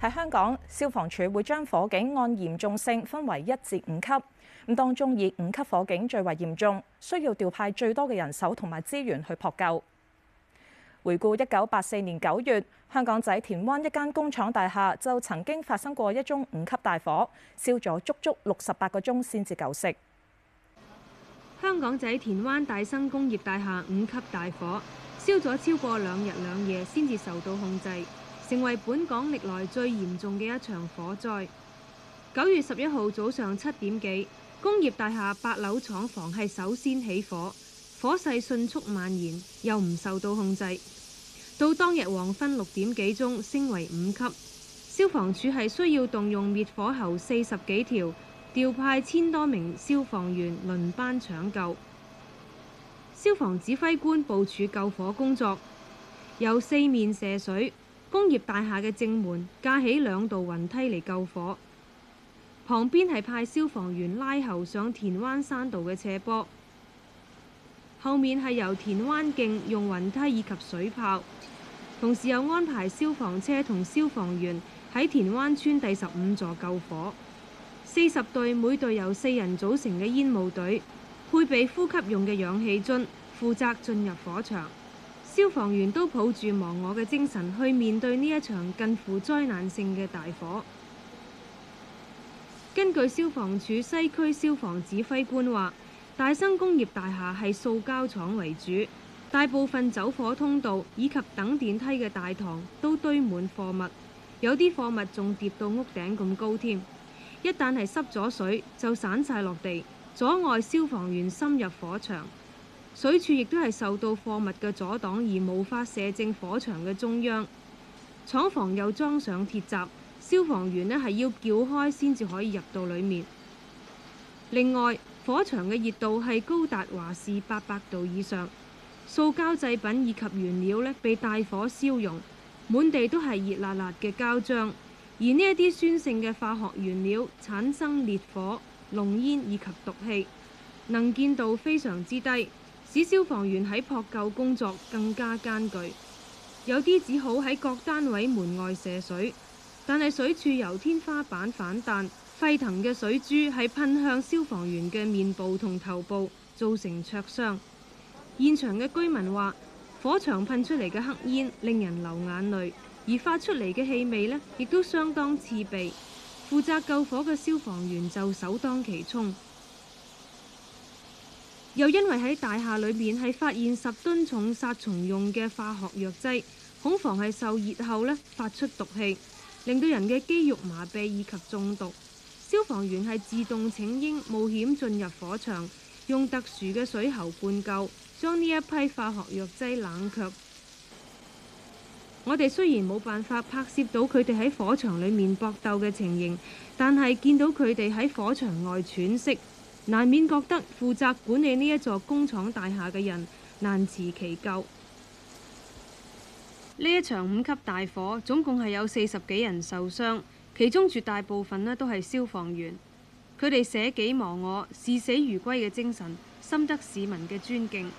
喺香港，消防處會將火警按嚴重性分為一至五級。咁當中以五級火警最為嚴重，需要調派最多嘅人手同埋資源去撲救。回顧一九八四年九月，香港仔田灣一間工廠大廈就曾經發生過一宗五級大火，燒咗足足六十八個鐘先至救熄。香港仔田灣大生工業大廈五級大火，燒咗超過兩日兩夜先至受到控制。成為本港歷來最嚴重嘅一場火災。九月十一號早上七點幾，工業大廈八樓廠房係首先起火，火勢迅速蔓延，又唔受到控制。到當日黃昏六點幾鐘，升為五級，消防處係需要動用滅火喉四十幾條，調派千多名消防員輪班搶救。消防指揮官部署救火工作，由四面射水。工業大廈嘅正門架起兩道雲梯嚟救火，旁邊係派消防員拉喉上田灣山道嘅斜坡，後面係由田灣徑用雲梯以及水炮，同時又安排消防車同消防員喺田灣村第十五座救火。四十隊每隊由四人組成嘅煙霧隊，配備呼吸用嘅氧氣樽，負責進入火場。消防員都抱住忘我嘅精神去面對呢一場近乎災難性嘅大火。根據消防處西區消防指揮官話，大新工業大廈係塑膠廠為主，大部分走火通道以及等電梯嘅大堂都堆滿貨物，有啲貨物仲疊到屋頂咁高添。一旦係濕咗水，就散晒落地，阻礙消防員深入火場。水柱亦都係受到貨物嘅阻擋而無法射正火場嘅中央。廠房又裝上鐵閘，消防員呢係要撬開先至可以入到裡面。另外，火場嘅熱度係高達華氏八百度以上，塑膠製品以及原料呢被大火燒溶，滿地都係熱辣辣嘅膠漿。而呢一啲酸性嘅化學原料產生烈火、濃煙以及毒氣，能見度非常之低。使消防員喺撲救工作更加艱巨，有啲只好喺各單位門外射水，但係水柱由天花板反彈，沸騰嘅水珠係噴向消防員嘅面部同頭部，造成灼傷。現場嘅居民話，火場噴出嚟嘅黑煙令人流眼淚，而發出嚟嘅氣味呢，亦都相當刺鼻。負責救火嘅消防員就首當其衝。又因為喺大廈裏面，係發現十噸重殺蟲用嘅化學藥劑，恐防係受熱後呢，發出毒氣，令到人嘅肌肉麻痹以及中毒。消防員係自動請纓冒險進入火場，用特殊嘅水喉灌救，將呢一批化學藥劑冷卻。我哋雖然冇辦法拍攝到佢哋喺火場裏面搏鬥嘅情形，但係見到佢哋喺火場外喘息。難免覺得負責管理呢一座工廠大廈嘅人難辭其咎。呢一場五級大火，總共係有四十幾人受傷，其中絕大部分咧都係消防員。佢哋捨己忘我、視死如歸嘅精神，深得市民嘅尊敬。